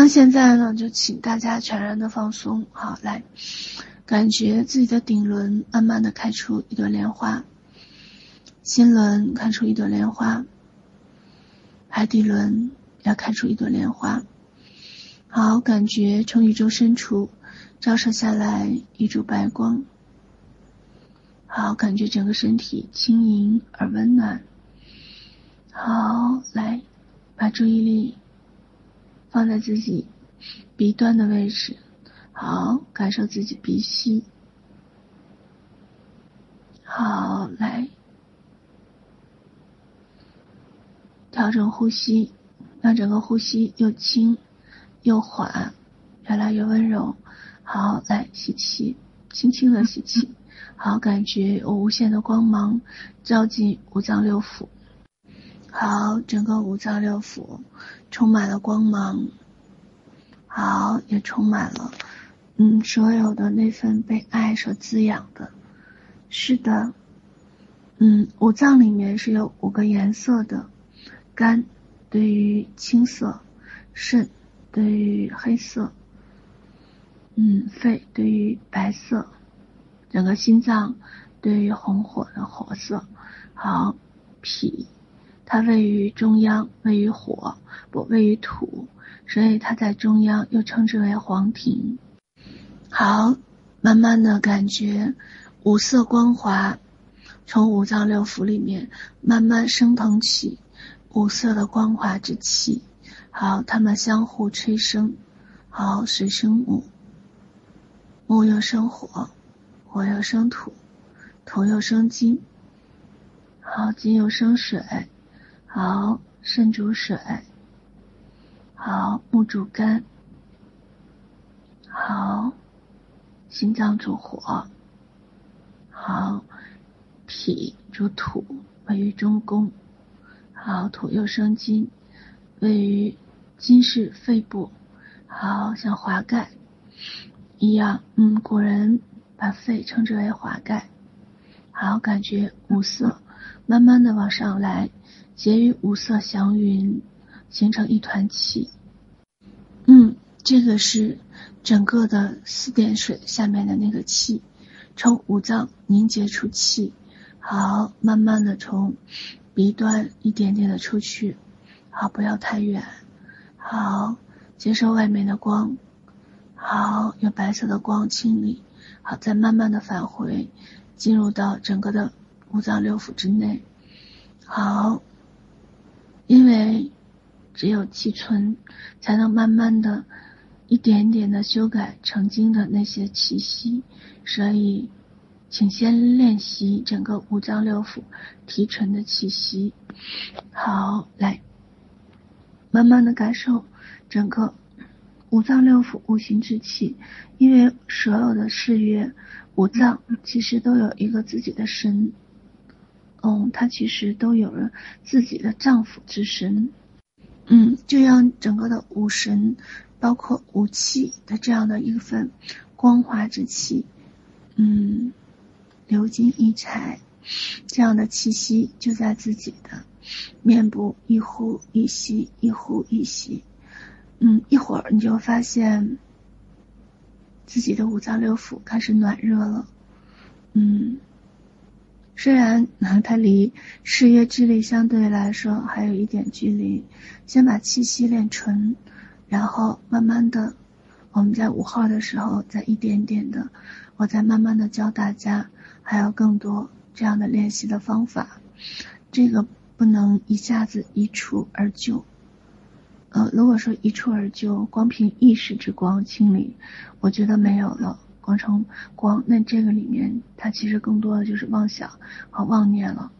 那現在呢，就請大家全然的放鬆，好，來，感覺自己的頂輪慢慢的開出一朵蓮花，心輪開出一朵蓮花，海底輪要開出一朵蓮花，好，感覺從宇宙深處照射下來一柱白光，好，感覺整個身體輕盈而溫暖，好，來，把注意力，放在自己鼻端的位置，好，感受自己鼻息，好，來調整呼吸，讓整個呼吸又輕又緩，越來越溫柔。好，來吸氣，輕輕的吸氣， 好，感覺有無限的光芒照進五臟六腑。好，整個五臟六腑充滿了光芒。好，也充滿了，嗯，所有的那份被愛所滋養的。是的，嗯，五臟裡面是有五個顏色的：肝對於青色，腎對於黑色，嗯，肺對於白色，整個心臟對於紅火的火色。好，脾。它位於中央，位於火，不，位於土，所以它在中央，又稱之為黃庭。好，慢慢的感覺五色光華從五臟六腑裡面慢慢升騰起五色的光華之氣。好，它們相互催生。好，水生木，木又生火，火又生土，土又生金。好，金又生水。好，腎主水；好，木主肝；好，心臟主火；好，脾主土，位於中宮；好，土又生金，位於金是肺部；好像華蓋一樣，嗯，古人把肺稱之為華蓋。好，感覺五色慢慢的往上來。結於五色祥雲，形成一團氣。嗯，這個是整個的四點水下面的那個氣，從五臟凝結出氣，好，慢慢的從鼻端一點點的出去，好，不要太遠，好，接受外面的光，好，用白色的光清理，好，再慢慢的返回，進入到整個的五臟六腑之內，好。因為只有氣純，才能慢慢的、一點點的修改曾經的那些氣息，所以請先練習整個五臟六腑提純的氣息。好，來，慢慢的感受整個五臟六腑五行之氣，因為所有的誓約，五臟其實都有一個自己的神。嗯，他其實都有着自己的臟腑之神，嗯，就像整個的五神，包括五氣的這樣的一份光華之氣，嗯，流金溢彩，這樣的氣息就在自己的面部一呼一吸，一呼一吸，嗯，一會兒你就發現自己的五臟六腑開始暖熱了。雖然啊，它離事業之力相對來說還有一點距離，先把氣息練純，然後慢慢的，我們在五號的時候再一點點的，我再慢慢的教大家，還有更多這樣的練習的方法，這個不能一下子一蹴而就。呃，如果說一蹴而就，光憑意識之光清理，我覺得沒有了。光成光，那這個裡面，它其實更多的就是妄想和妄念了。